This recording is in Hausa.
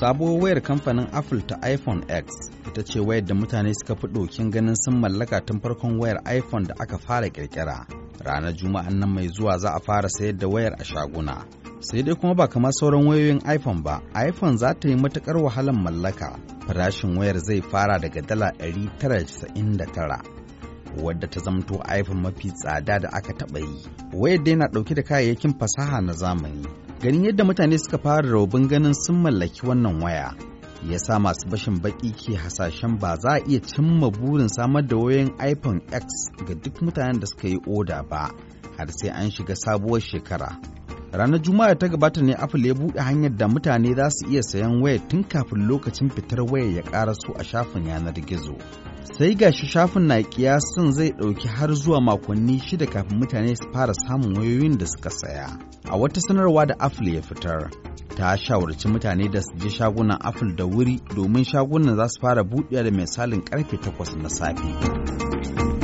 sabuwar wayar kamfanin apple ta iphone x ita ce wayar da mutane suka fi dokin ganin sun mallaka tun farkon wayar iphone da aka fara kirkira ranar juma'an nan mai zuwa za a fara sayar da wayar a shaguna sai dai kuma ba kamar sauran wayoyin iphone ba iphone za ta yi matukar wahalar mallaka farashin wayar zai fara daga dala 999 wadda ta zamto iphone mafi tsada da aka taɓa yi wayar dai na ɗauke da kayayyakin fasaha na zamani ganin yadda mutane suka fara robin ganin sun mallaki wannan waya ya sa masu bashin baki ke hasashen ba za a iya cimma burin samar da wayoyin iphone x ga duk mutanen da suka yi oda ba har sai an shiga sabuwar shekara ranar juma'a ta gabata ne apple ya buɗe hanyar da mutane za su iya sayan waya tun kafin lokacin fitar waya ya ƙara su a shafin yanar gizo sai gashi shafin na kiyasin zai ɗauki har zuwa makonni shida kafin mutane su fara samun wayoyin da suka saya a wata sanarwa da apple ya fitar ta shawarci mutane da su je shagunan apple da wuri domin shagunan za su fara buɗewa da misalin karfe 8 na safe